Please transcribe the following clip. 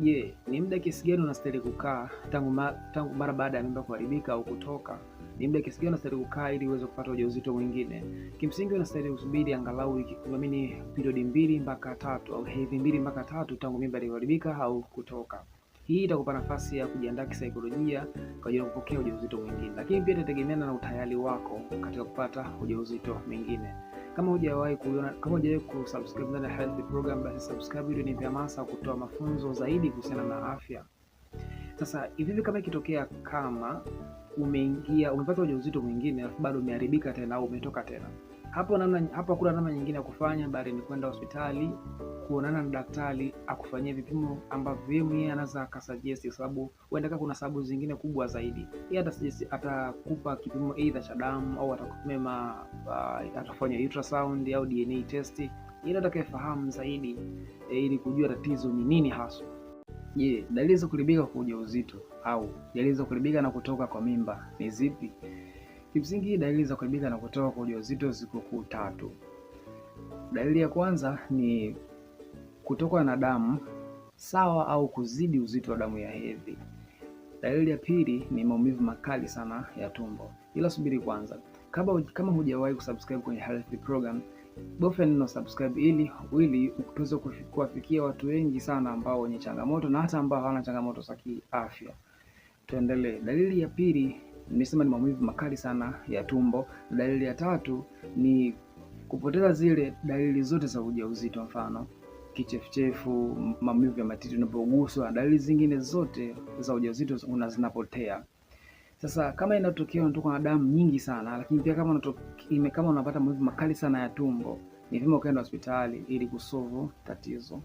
Je, ni muda kiasi gani unastahili kukaa tangu, ma, tangu mara baada ya mimba kuharibika au kutoka? Ni muda kiasi gani unastahili kukaa ili uweze kupata ujauzito mwingine? Kimsingi unastahili kusubiri angalau amini periodi mbili mpaka tatu au hedhi mbili mpaka tatu tangu mimba iliyoharibika au kutoka. Hii itakupa nafasi ya kujiandaa kisaikolojia kwa ajili ya kupokea ujauzito mwingine, lakini pia itategemeana na utayari wako katika kupata ujauzito mwingine. Kama hujawahi kuiona, kama hujawahi kusubscribe ndani ya Health Program, basi subscribe ili ni hamasa kutoa mafunzo zaidi kuhusiana na afya. Sasa hivi kama ikitokea kama umeingia umepata ujauzito mwingine alafu bado umeharibika tena au umetoka tena hapo namna hapo hakuna namna nyingine ya kufanya bali ni kwenda hospitali kuonana na daktari akufanyia vipimo ambavyo yeye anaweza akasuggest, kwa sababu huenda kama kuna sababu zingine kubwa zaidi, yeye atasuggest, atakupa kipimo either cha damu au atakupima uh, atafanya ultrasound au DNA test ili atakayefahamu zaidi e, ili kujua tatizo ni nini haswa. Je, dalili za kuharibika kwa ujauzito au dalili za kuharibika na kutoka kwa mimba ni zipi? Kimsingi, dalili za kuharibika na kutoka kwa ujauzito ziko kuu tatu. Dalili ya kwanza ni kutokwa na damu sawa au kuzidi uzito wa damu ya hedhi. Dalili ya pili ni maumivu makali sana ya tumbo, ila subiri kwanza. Kama, kama hujawahi kusubscribe kwenye Health Program, bofya neno subscribe ili ili tuweze kuwafikia watu wengi sana ambao wenye changamoto na hata ambao hawana changamoto za kiafya. Tuendelee. Dalili ya pili nimesema ni maumivu makali sana ya tumbo. Dalili ya tatu ni kupoteza zile dalili zote za ujauzito, mfano kichefuchefu, maumivu ya matiti unapoguswa, dalili zingine zote za ujauzito zinapotea. Sasa kama inatokea unatoka na damu nyingi sana, lakini pia kama unatoka, kama unapata maumivu makali sana ya tumbo, ni vyema ukaenda hospitali ili kusovu tatizo.